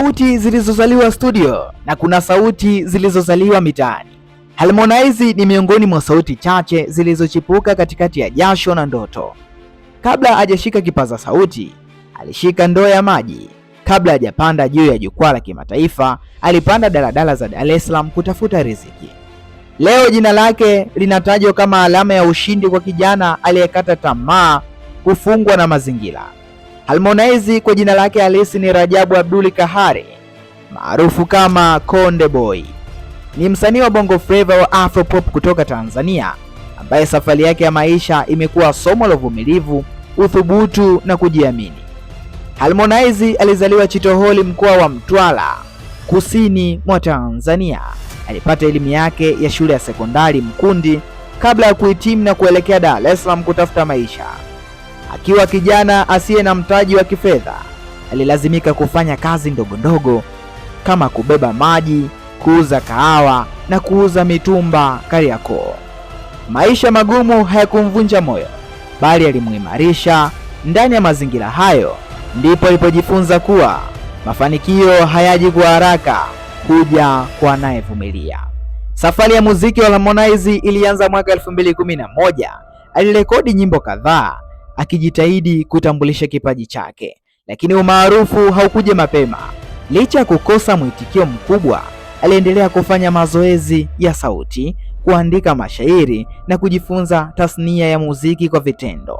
sauti zilizozaliwa studio na kuna sauti zilizozaliwa mitaani. Harmonize ni miongoni mwa sauti chache zilizochipuka katikati ya jasho na ndoto. Kabla hajashika kipaza sauti, alishika ndoo ya maji. Kabla hajapanda juu ya jukwaa la kimataifa, alipanda daladala za Dar es Salaam kutafuta riziki. Leo jina lake linatajwa kama alama ya ushindi kwa kijana aliyekata tamaa, kufungwa na mazingira. Harmonize kwa jina lake halisi ni Rajabu Abduli Kahari maarufu kama Konde Boy, ni msanii wa Bongo Flava wa Afropop kutoka Tanzania ambaye safari yake ya maisha imekuwa somo la uvumilivu, uthubutu na kujiamini. Harmonize alizaliwa Chitoholi mkoa wa Mtwara kusini mwa Tanzania. Alipata elimu yake ya shule ya sekondari Mkundi kabla ya kuhitimu na kuelekea Dar es Salaam kutafuta maisha. Akiwa kijana asiye na mtaji wa kifedha, alilazimika kufanya kazi ndogo ndogo kama kubeba maji, kuuza kahawa na kuuza mitumba Kariakoo. Maisha magumu hayakumvunja moyo, bali yalimuimarisha. Ndani ya mazingira hayo ndipo alipojifunza kuwa mafanikio hayaji kwa haraka, huja kwa anayevumilia. Safari ya muziki wa Harmonize ilianza mwaka 2011. Alirekodi nyimbo kadhaa akijitahidi kutambulisha kipaji chake, lakini umaarufu haukuja mapema. Licha ya kukosa mwitikio mkubwa, aliendelea kufanya mazoezi ya sauti, kuandika mashairi na kujifunza tasnia ya muziki kwa vitendo.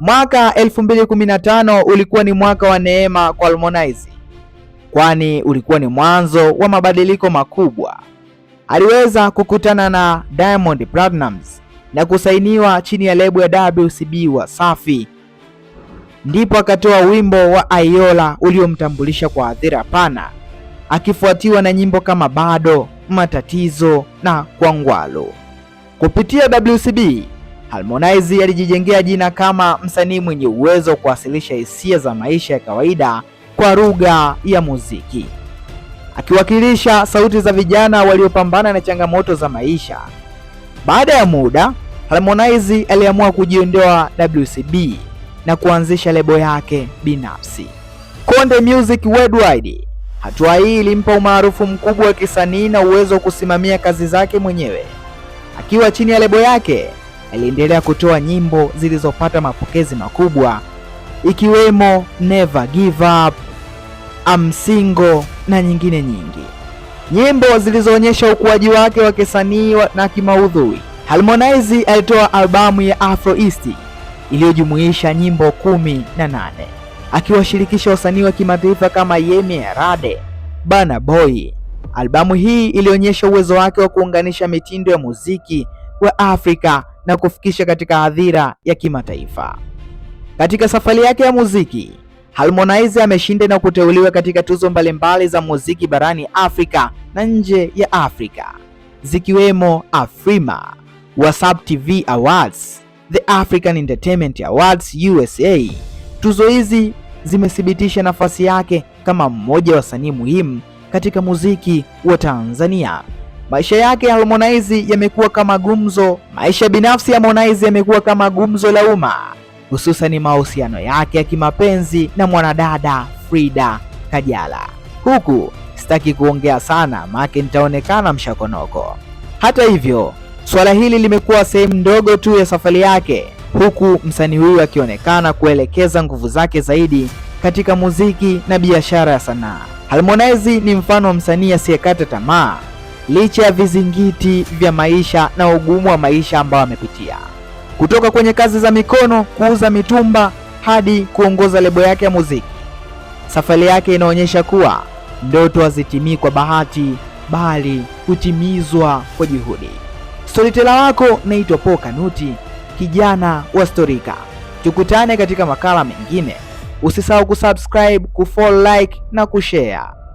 Mwaka 2015 ulikuwa ni mwaka wa neema kwa Harmonize, kwani ulikuwa ni mwanzo wa mabadiliko makubwa. Aliweza kukutana na Diamond Platnumz na kusainiwa chini ya lebo ya WCB Wasafi, ndipo akatoa wimbo wa Ayola uliomtambulisha kwa hadhira pana, akifuatiwa na nyimbo kama Bado, Matatizo na Kwangwalo. Kupitia WCB, Harmonize alijijengea jina kama msanii mwenye uwezo wa kuwasilisha hisia za maisha ya kawaida kwa lugha ya muziki, akiwakilisha sauti za vijana waliopambana na changamoto za maisha baada ya muda, Harmonize aliamua kujiondoa WCB na kuanzisha lebo yake binafsi Konde Music Worldwide. Hatua hii ilimpa umaarufu mkubwa wa kisanii na uwezo wa kusimamia kazi zake mwenyewe. Akiwa chini ya lebo yake, aliendelea kutoa nyimbo zilizopata mapokezi makubwa ikiwemo Never Give Up, I'm Single na nyingine nyingi nyimbo zilizoonyesha ukuaji wake wa kisanii na kimaudhui. Harmonize alitoa albamu ya Afro East iliyojumuisha nyimbo kumi na nane akiwashirikisha wasanii wa kimataifa kama Yemi Alade, Burna Boy. Albamu hii ilionyesha uwezo wake wa kuunganisha mitindo ya muziki wa Afrika na kufikisha katika hadhira ya kimataifa. Katika safari yake ya muziki Harmonize ameshinda na kuteuliwa katika tuzo mbalimbali za muziki barani Afrika na nje ya Afrika zikiwemo Afrima, WhatsApp TV Awards, The African Entertainment Awards USA. Tuzo hizi zimethibitisha nafasi yake kama mmoja wa wasanii muhimu katika muziki wa Tanzania. Maisha yake Harmonize yamekuwa kama gumzo, maisha binafsi ya Harmonize yamekuwa kama gumzo la umma hususani mahusiano yake ya kimapenzi na mwanadada Frida Kajala. Huku sitaki kuongea sana, maake nitaonekana mshakonoko. Hata hivyo, suala hili limekuwa sehemu ndogo tu ya safari yake, huku msanii huyu akionekana kuelekeza nguvu zake zaidi katika muziki na biashara ya sanaa. Harmonize ni mfano wa msanii asiyekata tamaa licha ya vizingiti vya maisha na ugumu wa maisha ambao amepitia kutoka kwenye kazi za mikono, kuuza mitumba hadi kuongoza lebo yake ya muziki. Safari yake inaonyesha kuwa ndoto hazitimii kwa bahati, bali hutimizwa kwa juhudi. Storyteller wako naitwa Paul Kanuti, kijana wa Storika. Tukutane katika makala mengine. Usisahau kusubscribe, kufollow, like na kushare.